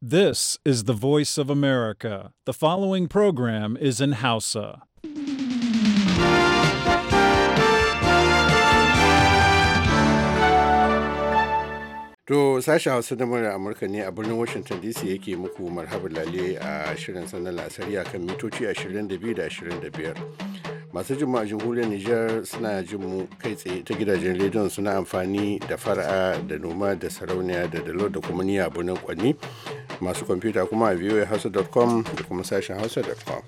This is the voice of America. The following program is in Hausa. To sashen Hausa da murar Amurka ne a birnin Washington DC yake muku marhabar lalle a shirin sanar la'asari kan mitoci 22 da 25. masu jima'a a jamhuriyar Nijar suna jin mu kai tsaye ta gidajen rediyon suna amfani da fara'a da noma da sarauniya da dalo da kuma niya birnin kwanni masu kwamfuta kuma a voahausa.com da kuma sashen hausa.com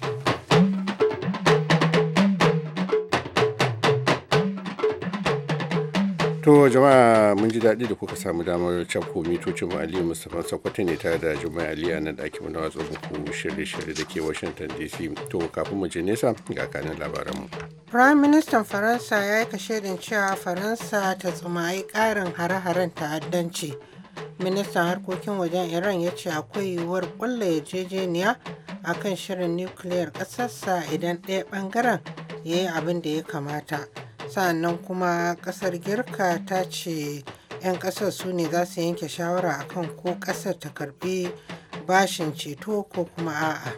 to jama'a mun ji daɗi da kuka samu damar cakko mitocin mu aliyu mustapha sokoto ne tare da jama'a ali a nan ɗakin na watsa muku shirye-shirye da ke washington dc to kafin mu je nesa ga kanin labaranmu prime minister faransa ya yi kashedin cewa faransa ta tsumayi ƙarin hare-haren ta'addanci Ministan harkokin wajen Iran ya ce akwai yiwuwar kulle yarjejeniya a kan shirin nukiliyar ƙasarsa idan ɗaya ɓangaren ya yi abin da ya kamata. Sa'annan kuma ƙasar Girka ta ce 'yan ƙasar su ne za su yanke shawara akan ko ƙasar ta karbi bashin ceto ko kuma a'a.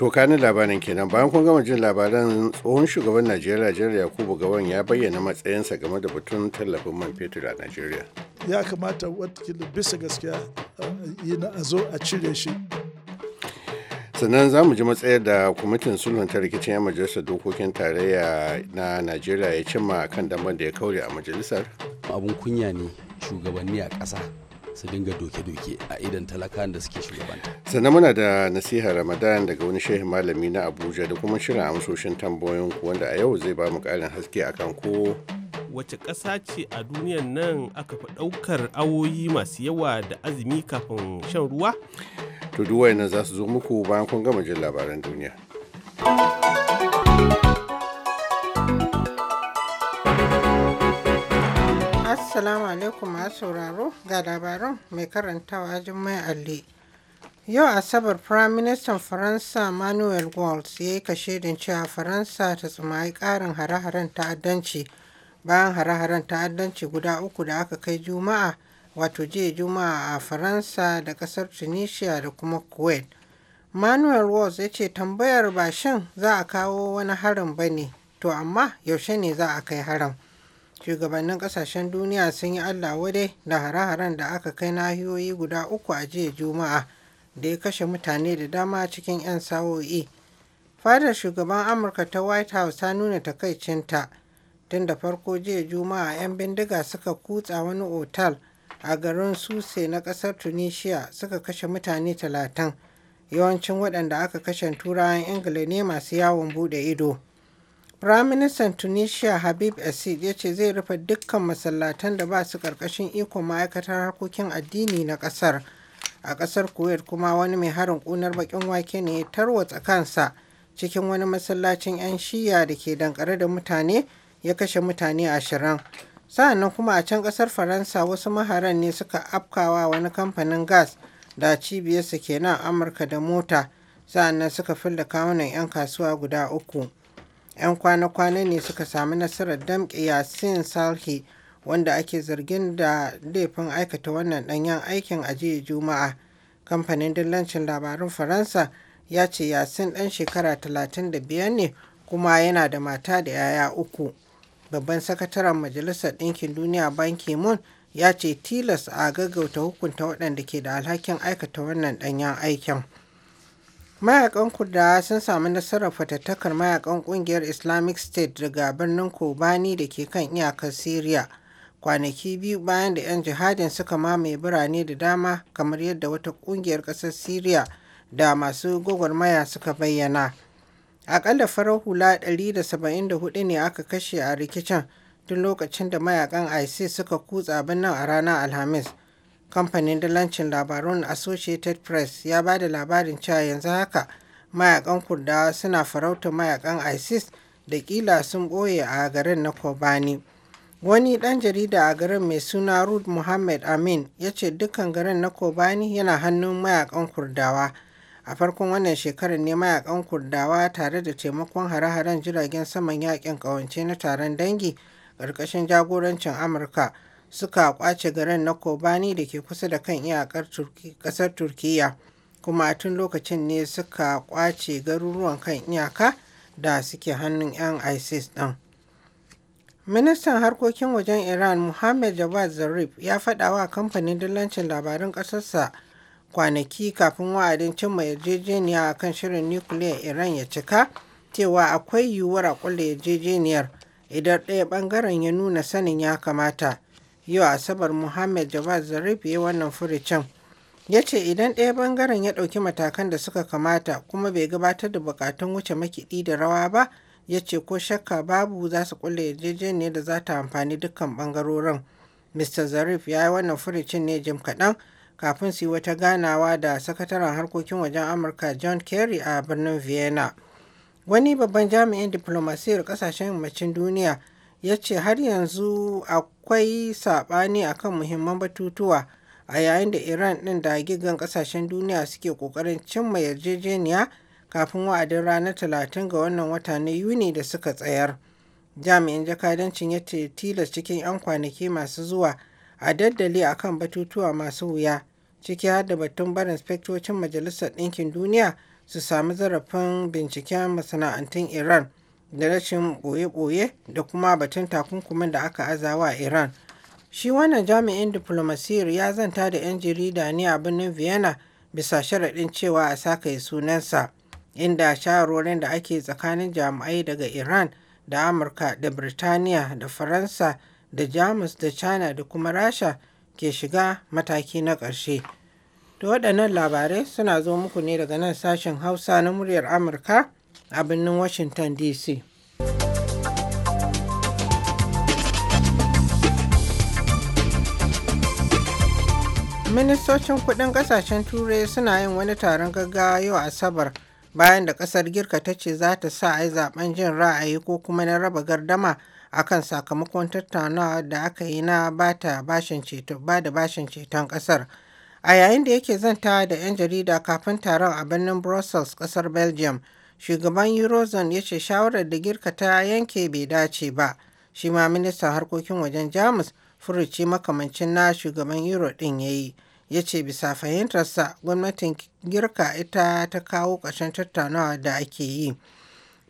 To kanin labarin kenan bayan kun gama jin labaran tsohon shugaban Najeriya Jar Yakubu gaban ya bayyana matsayinsa game da batun tallafin man fetur a Najeriya. Ya kamata watakila bisa gaskiya eh, yi na a zo a cire shi. sannan za mu ji matsayar da kwamitin sulhun ta rikicin 'yan majalisar dokokin tarayya na najeriya ya cimma kan damar da ya kaure a majalisar abun kunya ne shugabanni a ƙasa su dinga doke-doke a idan talakan da suke shugabanta sannan muna da nasihar ramadan daga wani shehin malami na abuja da kuma shirin amsoshin tambayoyin ku wanda a yau zai ba mu karin haske akan ko wace ƙasa ce a duniyan nan aka fi ɗaukar awoyi masu yawa da azumi kafin shan ruwa to duwaye nan za su zo muku bayan kun gama jin labaran duniya. Assalamu alaikum masu sauraro ga labaran mai karantawa Jummai Alli. Yau Asabar Prime Minister Faransa Manuel Walz ya yi kashedin cewa Faransa ta tsumayi ƙarin hare-haren ta'addanci bayan hare-haren ta'addanci guda uku da aka kai Juma'a wato jiya Juma'a a Faransa da ƙasar Tunisia da kuma Kuwait. Manuel Walz ya ce tambayar ba shin za a kawo wani harin ba ne, to amma yaushe ne za a kai harin. shugabannin kasashen duniya sun yi allah wadai da hare-haren da aka kai nahiyoyi guda uku a jiya juma'a da ya kashe mutane da dama cikin 'yan sa'o'i fadar shugaban amurka ta white house ta nuna takaicinta tun da farko jiya juma'a 'yan bindiga suka kutsa wani otal a garin suse na kasar tunisia suka kashe mutane talatin yawancin waɗanda aka kashe turawan ingila ne masu yawon bude ido Firaministan Tunisia Habib Assid ya ce zai rufe dukkan masallatan da ba su ƙarƙashin ikon ma'aikatar harkokin addini na ƙasar. A ƙasar Kuwait kuma wani mai harin kunar bakin wake ne ya tarwatsa kansa cikin wani masallacin 'yan shiya da ke dankare da mutane ya kashe mutane ashirin. Sa'annan kuma a can ƙasar Faransa wasu maharan ne suka afkawa wani kamfanin gas da cibiyarsa kenan Amurka da mota. Sa'annan suka filla kawunan 'yan kasuwa guda uku. 'yan kwana-kwana ne suka sami nasarar damƙe yasin salhi wanda ake zargin da laifin aikata wannan ɗanyen aikin a jiya juma'a kamfanin dillancin labarun faransa ya ce yasin ɗan shekara 35 ne kuma yana da mata da 'ya'ya uku babban sakataren majalisar ɗinkin duniya ban moon ya ce tilas a gaggauta hukunta waɗanda ke da alhakin aikata wannan ɗanyen aikin. mayakan kuda sun sami nasarar fatattakar mayakan kungiyar islamic state daga birnin kobani da ke kan iyakar syria kwanaki biyu bayan da 'yan jihadin suka mamaye birane da dama kamar yadda wata kungiyar kasar syria da masu maya suka bayyana akalla farar hula 174 ne aka kashe a rikicin tun lokacin da mayakan isis suka kutsa birnin a ranar alhamis kamfanin dalancin labarun associated press ya ba da labarin cewa yanzu haka mayakan kurdawa suna farauta mayakan isis da kila sun ɓoye a garin na kobani wani ɗan jarida a garin mai suna rud muhammad amin ya ce dukkan garin na kobani yana hannun mayakan kurdawa a farkon wannan shekarar ne mayakan kurdawa tare da taimakon hare-haren jiragen saman yakin ƙawance na taron dangi ƙarƙashin jagorancin amurka suka kwace garin na kobani da ke kusa da kan iyakar kasar Turkiyya, kuma tun lokacin ne suka kwace garuruwan kan iyaka da suke hannun 'yan isis ɗin. ministan harkokin wajen iran muhammad javad zarif ya faɗa wa kamfanin dillancin labarun ƙasarsa kwanaki kafin wa'adin cimma yarjejeniya a kan shirin nukiliyar iran ya cika cewa akwai yiwuwar a kulle yarjejeniyar idan ɗaya ɓangaren ya nuna sanin ya kamata yau asabar Mohammed Javad Zarif ya wannan furicin. Ya ce idan ɗaya bangaren ya ɗauki matakan da suka kamata kuma bai gabatar da bukatun wuce makiɗi da rawa ba, ya ce ko shakka babu za su kulle yarjejeniyar da za ta amfani dukkan bangarorin. Mr. Zarif ya yi wannan furicin ne jim kaɗan kafin su yi wata ganawa da sakataren harkokin wajen Amurka John Kerry a birnin Vienna. Wani babban jami'in diplomasiyar ƙasashen yammacin duniya ya ce har yanzu akwai saɓani akan muhimman batutuwa a yayin da iran ɗin da gigan ƙasashen duniya suke ƙoƙarin cimma yarjejeniya kafin wa'adin ranar talatin ga wannan wata na yuni da suka tsayar jami'in jakadancin ya ce tilas cikin 'yan kwanaki masu zuwa a daddali akan batutuwa masu wuya ciki har da batun barin spektocin majalisar ɗinkin duniya su sami zarafin binciken masana'antun iran da rashin ɓoye-ɓoye da kuma batun takunkumin da aka azawa a Iran. Shi wannan jami'in diplomasiyar ya zanta da 'yan jarida ne a birnin Vienna bisa sharaɗin cewa a sakaye sunansa, inda shawarwarin da ake tsakanin jami'ai daga Iran da Amurka da Birtaniya da Faransa da Jamus da China da kuma Rasha ke shiga mataki na ƙarshe. Da waɗannan labarai suna zo muku ne daga nan sashen Hausa na muryar Amurka. a birnin washington dc ministocin kudin kasashen turai suna yin wani taron gaggawa yau asabar bayan da kasar girka ta ce za ta sa a yi zaben jin ra'ayi ko kuma na raba gardama a kan sakamakon tattaunawa da aka yi na ba da bashin ceton kasar a yayin da yake zanta da 'yan jarida kafin taron a birnin brussels kasar belgium shugaban Eurozone ya ce shawarar da girka ta yanke bai dace ba. Shi ma ministan harkokin wajen Jamus furuci makamancin na shugaban Euro din ya yi. Ya ce bisa fahimtarsa gwamnatin girka ita ta kawo ƙarshen tattaunawa da ake yi.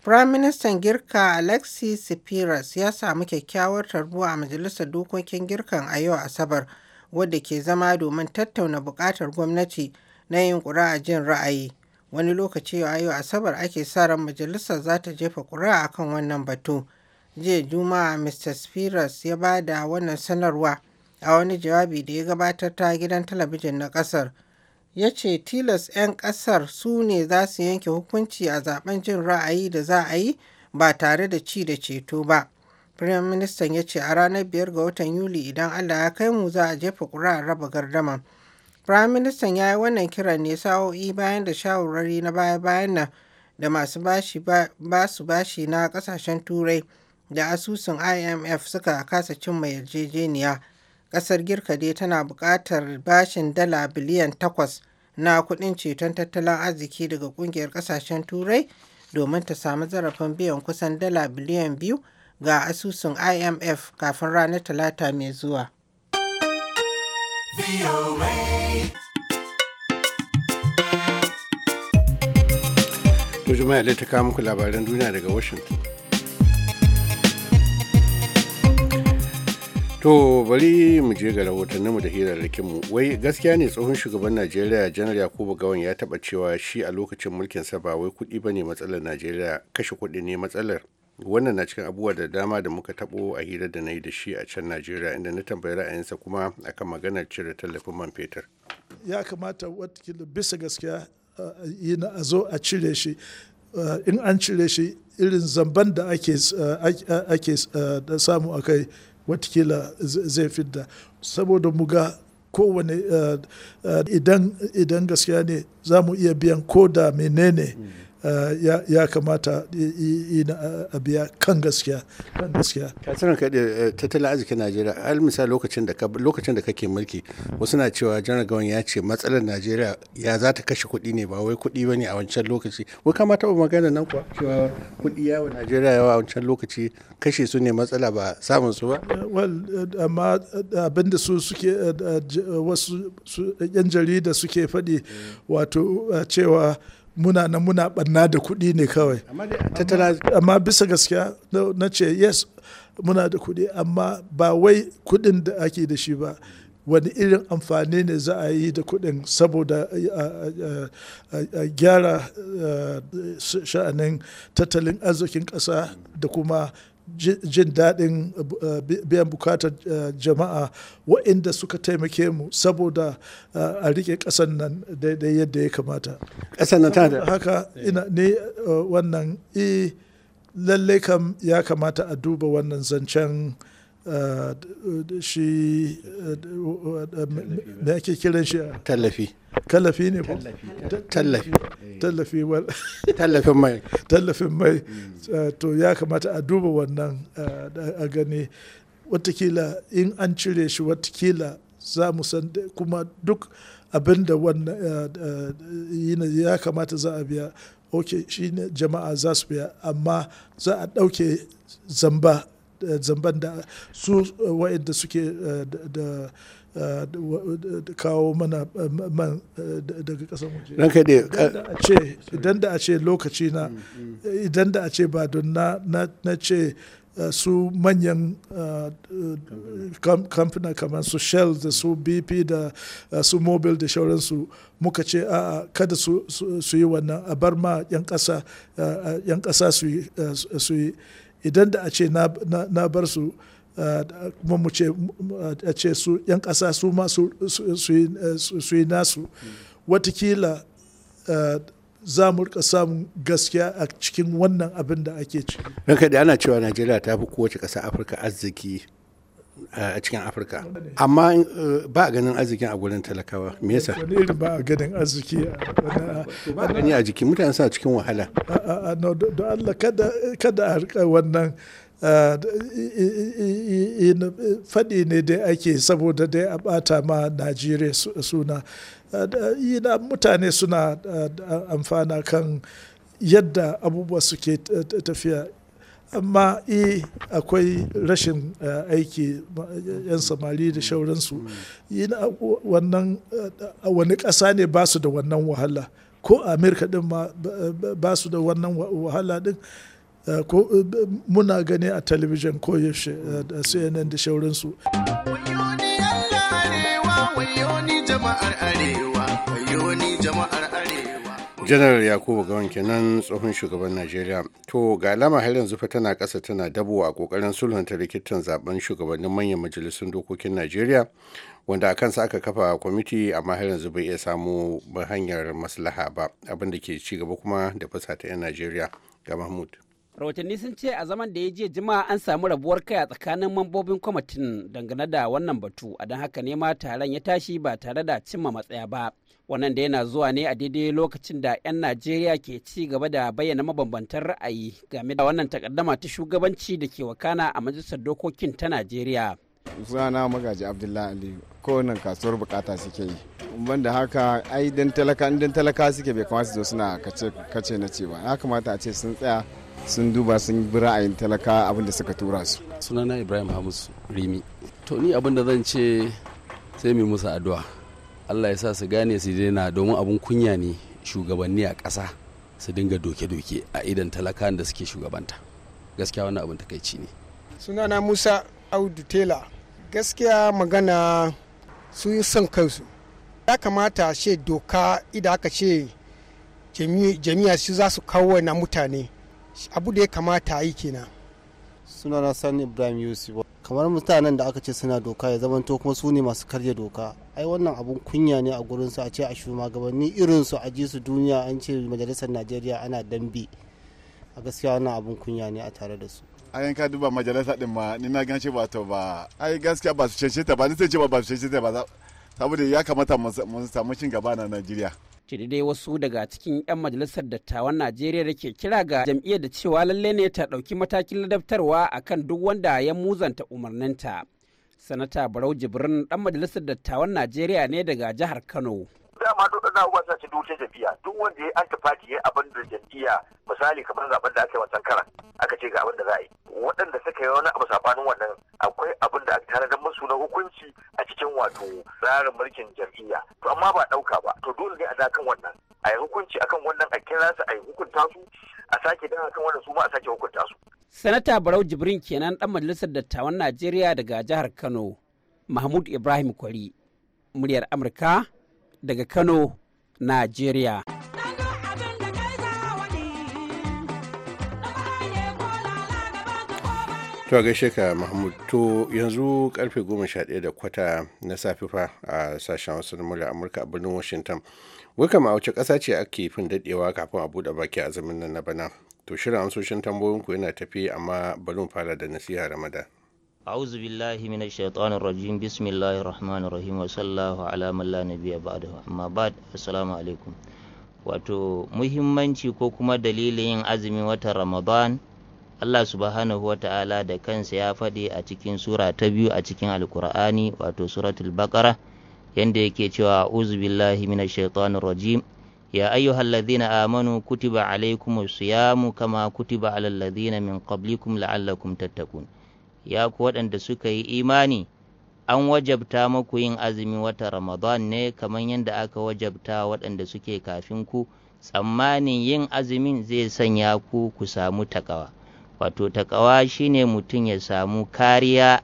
prime minister Girka Alexis Tsipras ya samu kyakkyawar tarbuwa a Majalisar Dokokin Girkan a yau Asabar, wadda ke zama domin tattauna buƙatar gwamnati na yin a jin ra'ayi wani lokaci a yau asabar ake sa ran Majalisa za ta jefa ƙuri'a kan wannan batu jiya juma'a mr spiros ya ba da wannan sanarwa a wani jawabi da ya gabatar ta gidan talabijin na ƙasar ya ce tilas 'yan ƙasar su ne za su yanke hukunci a zaben jin ra'ayi da za a yi ba tare da ci da ceto ba Firayim Ministan ya ce a ranar biyar ga watan Yuli idan Allah ya kai mu za a jefa ƙuri'a raba gardama Firaministan ya yi wannan kiran ne sa'o'i bayan da shawarwari na baya-bayan nan da masu su bashi na ƙasashen Turai da asusun IMF suka kasa cin mai yarjejeniya. Ƙasar Girka dai tana buƙatar bashin dala biliyan takwas na kuɗin ceton tattalin arziki daga ƙungiyar ƙasashen Turai domin ta samu zarafin biyan kusan dala biliyan biyu ga asusun IMF kafin ranar Talata mai zuwa. To jama'a ta kawo muku labaran duniya daga Washington. To bari mu je ga rahotanninmu da hirarrakinmu. Wai gaskiya ne tsohon shugaban Najeriya Janar Yakubu Gawan ya taɓa cewa shi a lokacin mulkinsa ba wai kuɗi ba ne matsalar Najeriya kashe kuɗi ne matsalar. wannan na cikin abubuwa da dama da muka tabo a hira da na yi da shi a can najeriya inda na tambayi ra'ayinsa kuma akan maganar cire tallafin man fetur ya kamata watakila bisa gaskiya a zo a cire shi in an cire shi irin zamban da ake samu a kai watakila zai fidda saboda muga kowane idan gaskiya ne za mu iya biyan ko da menene mm. Eh, ya kamata a biya kan gaskiya kan gaskiya ka sanar ka eh, tattalin arzikin najeriya al misali lokacin da lokacin da kake mulki wasu na cewa janar gawan ya ce matsalar najeriya ya za ta kashe kuɗi ne ba wai kuɗi bane ne a wancan lokaci wai ka mata magana nan kuwa cewa kuɗi yawa najeriya yawa a wancan lokaci kashe su ne matsala ba samun su ba eh, amma abinda su suke wasu yan jarida suke faɗi wato cewa muna nan muna barna da kuɗi ne kawai amma bisa gaskiya na ce yes muna da kuɗi amma ba wai kuɗin da ake da shi ba wani irin amfani ne za a yi da kuɗin saboda a gyara eh, sha'anin tattalin arzikin ƙasa da kuma jin daɗin uh, uh, biyan bukatar uh, jama'a waɗanda suka taimake mu saboda a riƙe ƙasar nan daidai yadda ya kamata. ƙasar nan da haka ina ne wannan e lallai kam ya kamata a duba wannan zancen Eh, shi da eh, eh, ake kiran shi tallafi tallafi ne ko tallafi tallafi tallafin mai tallafin mai mm. to ya kamata a duba wannan a gani watakila in an cire shi watakila za mu san kuma duk abin da wannan ya kamata za a biya ok shi ne jama'a za su biya amma za a ɗauke zamba zamban da su eh, wa'inda suke eh, eh, da kawo mana man daga kasan waje idan da a ce lokaci na mm, mm. idan da a ce ba don na ce su manyan kamfuna kamar su shell da su bp da su mobil da shauransu muka ce a kada su, yi wannan a bar ma 'yan ƙasa su yi idan da a ce na bar su eh, kuma mu ce a ce su 'yan kasa su ma su yi nasu watakila eh, za mu rika samun gaskiya a cikin wannan abin da ake ciki. Ranka da ana cewa Najeriya ta fi kowace ƙasa Afirka arziki a cikin afirka amma eh, ba a ganin arzikin a gurin talakawa me yasa ba a ganin arziki ba a gani a jiki mutane suna cikin wahala don allah kada a harkar wannan eh, faɗi ne dai ake saboda dai a ɓata ma najeriya suna eh, mutane suna amfana kan yadda abubuwa suke tafiya amma eh akwai rashin eh, aiki yan samari da shauransu wannan eh, wani ƙasa ne ba su da wannan wahala ko amerika din ma ba su da wannan wahala din eh, muna gani a talabijin koyaushe da cnn da shauransu. janar yakubu gawan nan tsohon shugaban najeriya to ga alama har yanzu fa tana kasa tana dabo a ƙoƙarin sulhunta rikitan zaben shugabannin manyan majalisun dokokin najeriya wanda a kansa aka kafa kwamiti amma har yanzu bai iya samu hanyar maslaha ba abinda ke ci gaba kuma da ta 'yan najeriya ga mahmud rahotanni sun ce a zaman da ya je jima'a an samu rabuwar kai a tsakanin mambobin kwamitin dangane da wannan batu a don haka ne ma taron ya tashi ba tare da cimma matsaya ba wannan da yana zuwa ne a daidai lokacin da 'yan najeriya ke ci gaba da bayyana mabambantan ra'ayi game da wannan takaddama ta shugabanci da ke wakana a majalisar dokokin ta najeriya sunana magaji abdullahi ali kowannan kasuwar bukata suke yi da haka ai dan talaka dan talaka suke bai kamata su zo suna kace na ce ba ya kamata a ce sun tsaya sun duba sun bi ra'ayin talaka abin da suka tura su sunana ibrahim hamus rimi to ni abin da zan ce sai mu musu addu'a allah ya sa su gane su daina domin abin kunya ne shugabanni a ƙasa su dinga doke-doke a idan talaka da suke shugabanta gaskiya wannan abin takaici ne sunana musa audu tela gaskiya magana su yi son kansu ya kamata ce doka idan aka ce jami'a su za su kawo na mutane abu da ya kamata yi kenan na sani ibrahim yusuf kamar mutanen da aka ce suna doka ya to kuma su ne masu karya doka ai wannan abun kunya ne a gurin su a ce a shugabanni su a ji su duniya an ce majalisar najeriya ana dambe a gaskiya wannan abun kunya ne a tare da su ayan ka duba majalisa din ma ni na gan ba to ba ai gaskiya ba su cece ta ba ni sai ce ba su cece ta ba saboda ya kamata mu samu cin gaba na najeriya Shiri dai wasu daga cikin 'yan majalisar dattawan Najeriya da ke kira ga jam'iyyar da cewa lalle ne ta ɗauki matakin ladabtarwa a kan duk wanda ya muzanta umarninta. Sanata Barau Jibrin ɗan majalisar dattawan Najeriya ne daga jihar Kano. dama duk da abubuwa suna cikin wuce tafiya duk wanda ya antifati ya abin da jam'iyya misali kamar zaben da aka yi wancan karan aka ce ga abin da za a yi waɗanda suka yi wani abu sabanin wannan akwai abin da aka da musu na hukunci a cikin wato tsarin mulkin jam'iyya to amma ba ɗauka ba to dole ne a kan wannan a yi hukunci akan wannan a kira su a yi hukunta su a sake dan kan wannan su ma a sake hukunta su. Sanata Barau Jibrin kenan dan majalisar dattawan Najeriya daga jihar Kano Mahmud Ibrahim Kwari muryar Amurka daga Kano, Najeriya. to gaishe ka mahmud to yanzu karfe goma sha ɗaya da kwata na safe fa a sashen wasu amurka a birnin washington wai ma wace ƙasa ce ake fin daɗewa kafin a buɗe baki a nan na bana to shirin amsoshin tambayoyinku yana tafi amma balon fara da nasiha ramadan أعوذ بالله من الشيطان الرجيم بسم الله الرحمن الرحيم وصلى الله على من لا نبي بعده أما بعد السلام عليكم wato muhimmanci ko kuma dalilin yin azumin watan ramadan Allah subhanahu wa ta'ala da kansa ya faɗi a cikin sura ta biyu a cikin alkur'ani wato suratul baqara yanda yake cewa a'udhu billahi minash shaitanir rajim ya ayyuhallazina amanu kutiba alaykumus siyamu kama kutiba alal ladzina min qablikum la'allakum tattaqun ya ku waɗanda suka yi imani an wajabta muku yin azumi wata ramadan ne kamar yadda aka wajabta waɗanda suke kafin ku tsammanin yin azumin zai sanya ku ku samu takawa wato takawa shine mutum ya samu kariya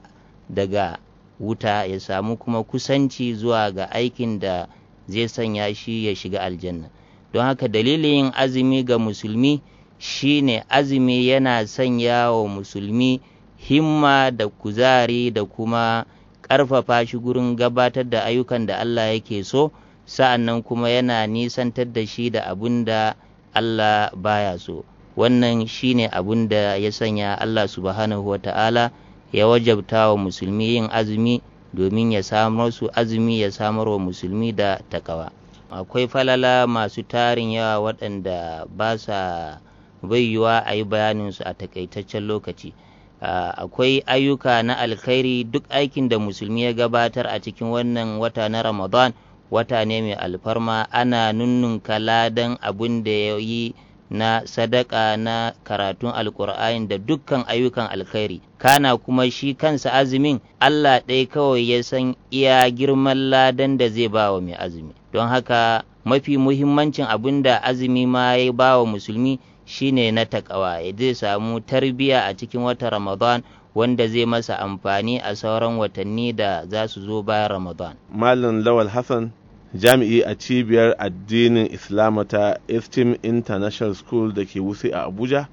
daga wuta ya samu kuma kusanci zuwa ga aikin da zai sanya shi ya shiga aljanna don haka dalilin yin azumi ga musulmi shine azumi yana sanya wa musulmi himma da kuzari da kuma ƙarfafa shi gurin gabatar da ayyukan da Allah yake so sa'annan kuma yana nisantar da shi da abin da Allah baya so wannan shi ne abun da ya sanya Allah subhanahu wa ta'ala ya wajabta wa musulmi yin azumi domin ya samar su azumi ya samar wa musulmi da takawa akwai falala masu tarin yawa waɗanda ba sa bayyuwa a yi bayaninsu a takaitaccen lokaci Ah, akwai ayyuka na alkhairi duk aikin da musulmi ya gabatar a cikin wannan wata na ramadan wata ne mai alfarma ana nunnunka kaladan abin da ya yi na sadaka na karatun alkur'ani da dukkan ayyukan alkhairi kana kuma shi kansa azumin allah ɗaya kawai ya san iya girman ladan da zai ba wa mai azumi don haka mafi muhimmancin abun da azumi ma ya ba wa musulmi shine na taƙawa zai samu tarbiyya a cikin wata ramadan wanda zai masa amfani a sauran watanni da za su zo bayan ramadan malam lawal hassan jami'i a cibiyar addinin islamu ta eastern international school da ke wuce a abuja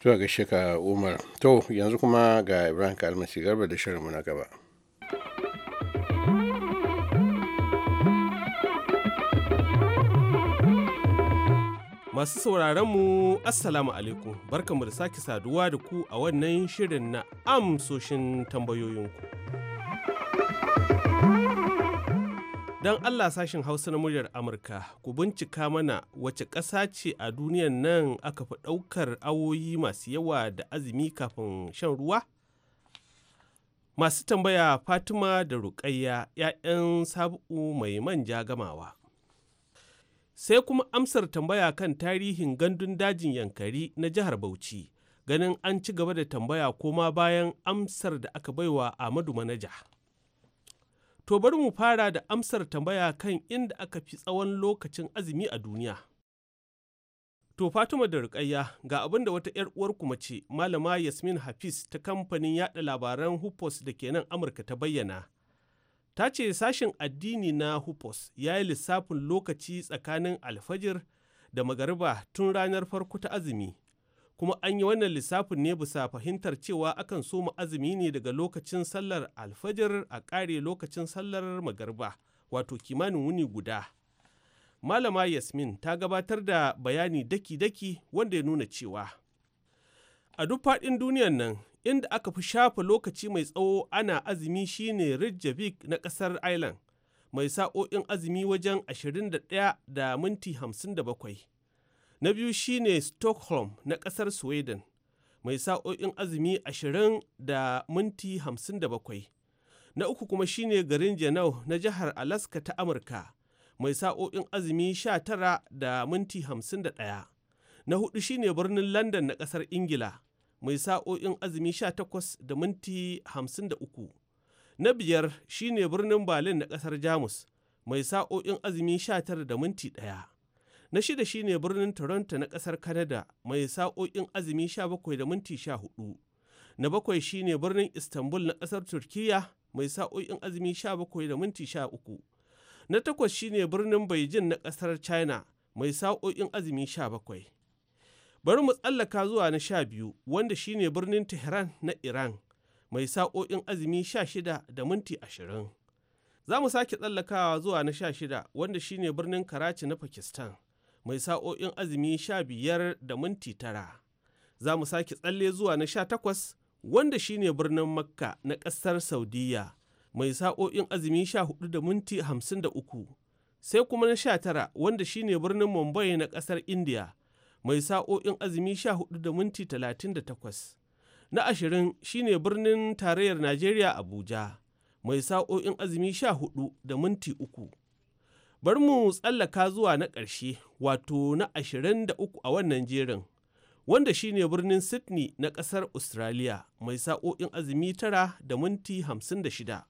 to ga shekara umar to yanzu kuma ga ibrahim kalmasi garba da shirin na gaba Masu sauraronmu Assalamu alaikum barkanmu da sake saduwa da ku a wannan shirin na amsoshin tambayoyinku. Don Allah sashen Hausa na muryar Amurka ku bincika mana wace ƙasa ce a duniyan nan aka fi ɗaukar awoyi masu yawa da azumi kafin shan ruwa? Masu tambaya Fatima da Ruƙayya 'ya'yan Sabu mai manja gamawa. sai kuma amsar tambaya kan tarihin gandun dajin yankari na jihar bauchi ganin an ci gaba da tambaya koma bayan amsar da aka baiwa amadu manaja to bari mu fara da amsar tambaya kan inda aka fi tsawon lokacin azumi a duniya to fatima da rukayya ga abin da wata 'yar uwar kuma ce malama yasmin hafiz ta kamfanin yada labaran hupos da ke nan amurka ta bayyana ta ce sashen addini na hupos ya yi lissafin lokaci tsakanin alfajir da magariba tun ranar farko ta azumi kuma an yi wannan lissafin ne bisa fahimtar cewa akan soma azumi ne daga lokacin sallar alfajir a kare lokacin sallar magariba wato kimanin wuni guda malama yasmin ta gabatar da bayani daki-daki wanda ya nuna cewa a duk faɗin duniyar nan inda aka fi shafa lokaci mai tsawo ana azumi shine Reykjavik na ƙasar Ireland, mai sa'o'in azumi wajen 21 da minti 57. Na biyu shine Stockholm na ƙasar Sweden, mai sa'o'in azumi 20 da minti 57. Na uku kuma shine garin Janau na jihar Alaska ta Amurka, mai sa'o'in azumi 19 da minti 51. Na hudu shine birnin London na ƙasar Ingila. mai sa'o'in azumi sha 18 da minti 53. Na biyar shine birnin Berlin na ƙasar Jamus mai sa'o'in azumi 19 da minti ɗaya. Na shida shine birnin Toronto na ƙasar Canada mai sa'o'in azumi 17 da minti 14. Na bakwai shine birnin Istanbul na ƙasar Turkiyya mai sa'o'in azumi 17 da minti 13. Na takwas shine birnin Beijing na ƙasar China mai sa'o'in azumi sha bakwai. Bari mu tsallaka zuwa na sha biyu wanda shine birnin Tehran na Iran mai sa'o'in azumi sha shida da minti ashirin. Za mu sake tsallakawa zuwa na sha shida wanda shine birnin Karachi na Pakistan mai sa'o'in azumi sha biyar da minti tara. Za mu sake tsalle zuwa na sha takwas wanda shine birnin Makka na ƙasar Saudiya mai sa'o'in azumi sha hudu da minti hamsin da uku. Sai kuma na sha tara wanda shine birnin Mumbai na ƙasar India mai sa'o'in azumi sha 14 da minti takwas Na ashirin shine birnin tarayyar Najeriya Abuja mai sa'o'in azumi sha 14 da minti uku. Bar mu tsallaka zuwa na ƙarshe wato na uku a wannan jerin wanda shine birnin Sydney na ƙasar Australia mai sa'o'in azumi tara da minti shida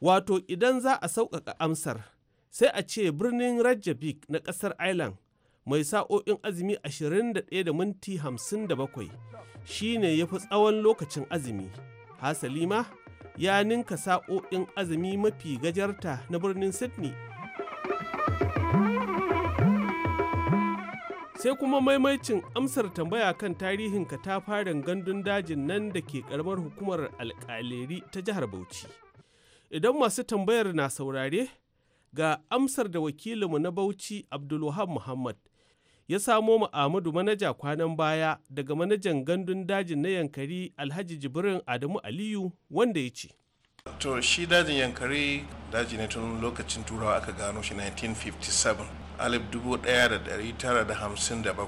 Wato idan za a sauƙaƙa amsar sai a ce birnin rajabik na ƙasar Ireland mai sa'o'in azumi 21 da minti 57 shine ya fi tsawon lokacin azumi hasali ma ya ninka sa'o'in azumi mafi gajarta na birnin sydney sai kuma maimaicin amsar tambaya kan tarihin katafaren gandun dajin nan da ke karamar hukumar alkaleri ta jihar bauchi idan masu tambayar na saurare ga amsar da wakilinmu na bauchi abdulwahab muhammad ya samo ma Ahmadu manaja kwanan baya daga manajan gandun dajin na Yankari Alhaji Jibrin Adamu Aliyu wanda ya ce. To shi dajin Yankari daji ne tun lokacin turawa aka gano shi 1957 alif 1957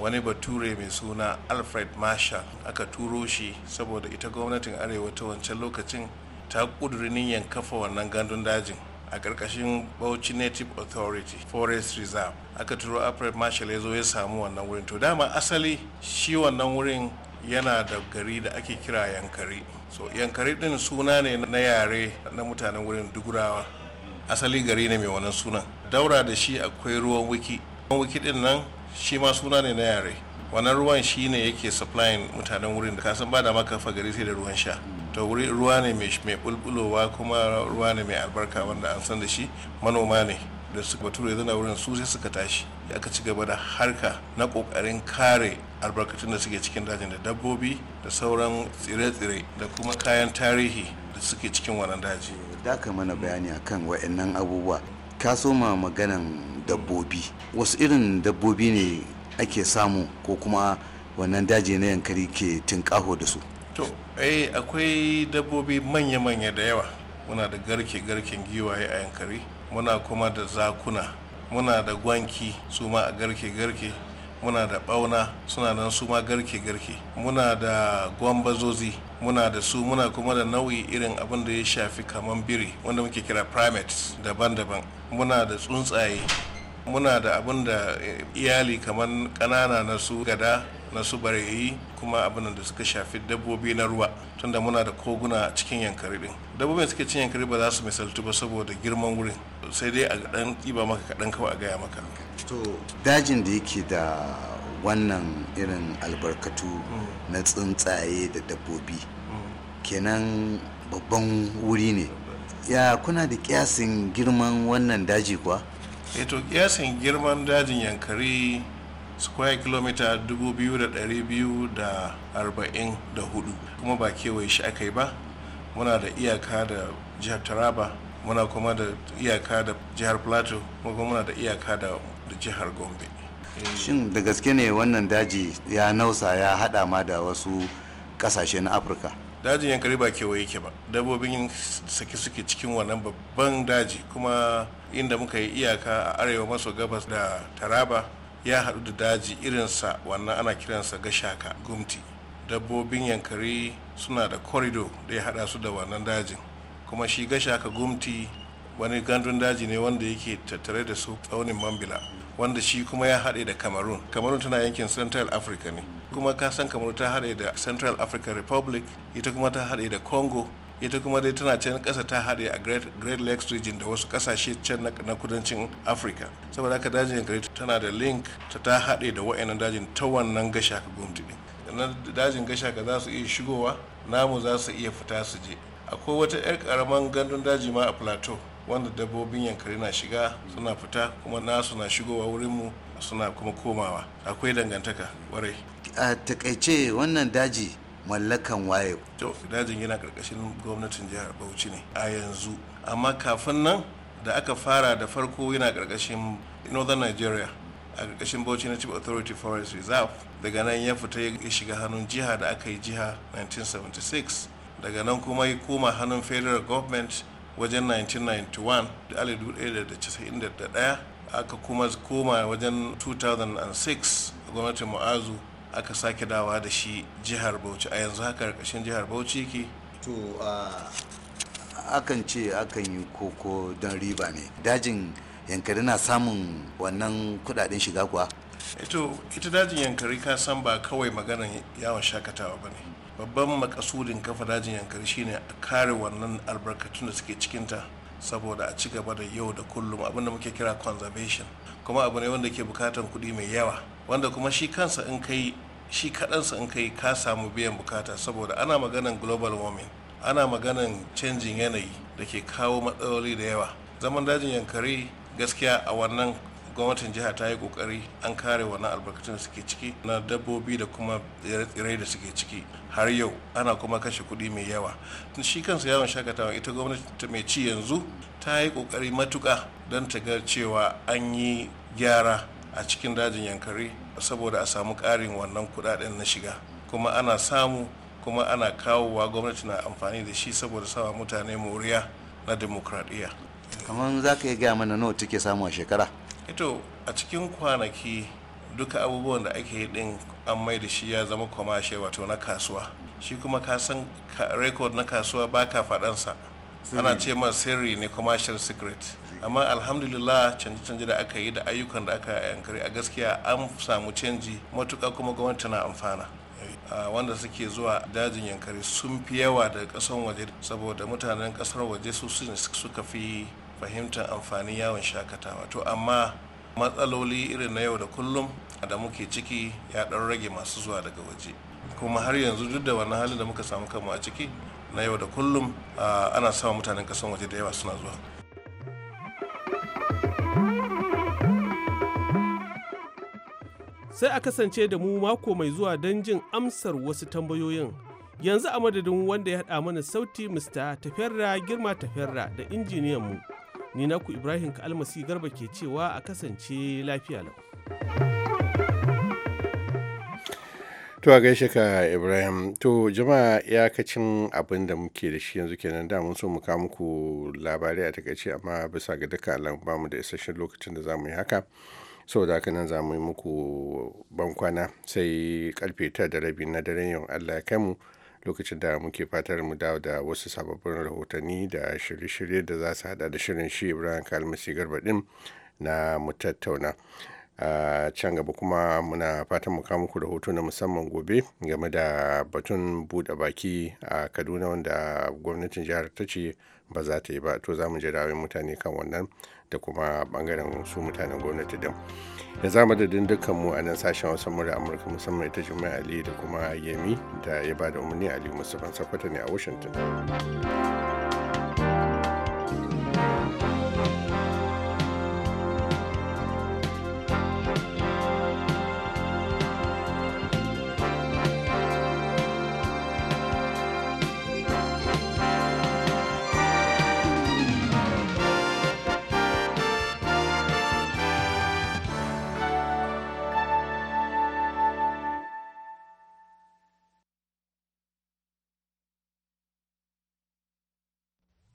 wani bature mai suna Alfred Marshall aka turo shi saboda ita gwamnatin arewa ta wancan lokacin ta kudurinin yankafa wannan gandun dajin a karkashin bauchi native authority forest reserve aka turo april marshal ya zo ya samu wannan wurin to dama asali shi wannan wurin yana da gari da ake kira yankari so yankari din suna ne na yare na mutanen wurin dugurawa asali gari ne mai wannan sunan daura da shi akwai ruwan wiki ruwan wiki din nan shi ma suna ne na yare wannan ruwan shi ne yake supplying mutanen wurin da kasan ba da maka gari sai da ruwan sha ta wuri ruwa ne mai bulbulowa kuma ruwa ne mai albarka wanda an san da shi manoma ne da su bature zana wurin su sai suka tashi ya aka ci gaba da harka na kokarin kare albarkatun da suke cikin dajin da dabbobi da sauran tsire-tsire da kuma kayan tarihi da suke cikin wannan daji da ka mana bayani akan wa'annan abubuwa ka ma maganan dabbobi wasu irin dabbobi ne ake samu ko kuma wannan daji na yankari ke tinkaho da su to ai eh, akwai dabbobi manya-manya da yawa muna da garke-garken giwaye a yankari muna kuma da zakuna muna da gwanki su ma a garke-garke muna da ɓauna suna nan su ma garke-garke muna da gwambazozi muna da su muna kuma da nau'i irin abin da ya shafi kaman biri wanda muke kira primates daban-daban muna da tsuntsaye muna da abin da iyali kamar kanana na su gada na su bareyi kuma abin da suka shafi dabbobi na ruwa tunda muna da koguna a cikin yankari din dabbobin suke cin yankari ba za su misaltu ba saboda girman wurin sai dai a dan ɗiba maka kaɗan kawai a gaya maka to dajin da yake da wannan irin albarkatu mm. na tsuntsaye da dabbobi mm. kenan babban wuri ne ya kuna da kiyasin girman wannan daji kuwa Eh to kiyasin girman dajin yankari square kilomita 2,244 kuma ba kewaye shi aka yi ba muna da iyaka da jihar taraba muna kuma da iyaka da jihar plateau kuma muna da iyaka da jihar gombe eh, shin da gaske ne wannan daji ya nausa ya hada ma da wasu kasashe na afirka dajin yankari ba kewaye ke ba dabbobin saki suke cikin wannan babban daji kuma inda muka yi iyaka a arewa maso gabas da taraba ya haɗu da daji irinsa wannan ana kiransa gashaka gumti dabbobin yankari suna da korido da ya haɗa su da wannan dajin kuma shi gashaka gumti wani gandun daji ne wanda yake tattare da su tsaunin mambila wanda shi kuma ya haɗe da cameroon cameroon tana yankin central africa ne kuma ka san kamar ta haɗe da central african republic ita kuma ta haɗe da congo ita kuma dai tana can ƙasa ta haɗe a great lakes region da wasu ƙasashe can na kudancin Afrika saboda haka dajin yankari tana da link ta ta haɗe da wa'annan dajin ta wannan gasha ka gomti ɗin na dajin gasha ka za su iya shigowa namu za su iya fita su je akwai wata 'yar ƙaramin gandun daji ma a plateau wanda dabbobin yankari na shiga suna fita kuma nasu na shigowa wurinmu suna kuma komawa akwai dangantaka warai a takaice wannan daji mallakan waye to dajin yana karkashin gwamnatin jihar bauchi ne a yanzu amma kafin nan da aka fara da farko yana karkashin northern nigeria a karkashin bauchi na chief authority forest reserve daga nan ya fita ya shiga hannun jiha da aka yi jiha 1976 daga nan kuma ya koma hannun federal government wajen 1991 da 1991 aka kuma koma wajen 2006 gwamnatin mu'azu aka sake dawa da shi jihar bauchi a yanzu haka karkashin jihar bauchi ke to akan ce akan yi koko don riba ne dajin yankari na samun wannan kudaden shiga kuwa eh ita dajin yankari ka san ba kawai maganar yawon shakatawa ba ne babban makasudin kafa dajin yankari shine a kare wannan albarkatun da suke cikinta saboda a ci gaba da yau da kullum abinda muke kira conservation kuma abu ne wanda ke bukatan kuɗi mai yawa wanda kuma shi kansa in kai shi kaɗansa in kai ka samu biyan bukata saboda ana maganan global warming ana maganan canjin yanayi da ke kawo matsaloli da yawa zaman dajin yankari gaskiya a wannan gwamnatin jiha ta yi kokari an kare wannan albarkatun da suke ciki na dabbobi da kuma tsirrai da suke ciki har yau ana kuma kashe kuɗi mai yawa shi kansa yawon shakatawa ita gwamnati mai ci yanzu ta yi ƙoƙarin matuka don ta ga cewa an yi gyara a cikin dajin yankari saboda a samu ƙarin wannan kuɗaɗen na shiga kuma ana samu kuma ana kawowa gwamnati na amfani da shi saboda sawa mutane moriya na demokradiyya kamar za ka iya gaya mana nawa take samu a shekara ito a cikin kwanaki duka abubuwan da ake yi din an mai da shi ya zama kwamashe wato na kasuwa shi kuma ka san rekod na kasuwa baka faɗansa ana hmm. ce ma sirri ne commercial secret amma alhamdulillah canje-canje da aka yi da ayyukan da aka yankari a gaskiya an samu canji matuka kuma gwamnati na amfana wanda suke zuwa dajin yankari sun fi yawa daga kasan waje saboda mutanen kasar waje su suka fi fahimtar amfani yawon shakatawa to amma matsaloli irin na yau da kullum da muke ciki ya ɗan rage masu zuwa daga waje kuma har yanzu duk da wannan halin da muka samu kanmu a ciki na yau da kullum ana samun mutanen kasan waje da yawa suna zuwa sai a kasance da mu mako mai zuwa don jin amsar wasu tambayoyin yanzu a madadin wanda ya haɗa mana sauti mr tafiyarra girma tafiyarra da injiniyan mu ni naku ibrahim kalmasi garba ke cewa a kasance lafiya lau To a gaishe ka Ibrahim, to jama'a ya kacin abin da muke da shi yanzu kenan da mun so mu kawo muku labarai a takaice amma bisa ga duka alamu mu da isasshen lokacin da za mu yi haka. saboda haka nan za mu yi muku bankwana sai karfe ta da rabi na daren yau Allah ya kai mu lokacin da muke fatar mu dawo da wasu sababbin rahotanni da shirye-shirye da za su hada da shirin shi Ibrahim Kalmasi Garba din na mu tattauna. a can gaba kuma muna fatan mu kawo muku rahoto na musamman gobe game da batun buɗe baki a kaduna wanda gwamnatin jihar ta ce ba za ta yi ba to za mu ji mutane kan wannan da kuma bangaren su mutanen gwamnati din da za mu dadin dukkan mu a nan sashen wasu murar amurka musamman ita jimai ali da kuma yemi da ya ba da umarni ali musamman sakwata ne a washington